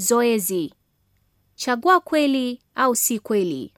Zoezi: chagua kweli au si kweli.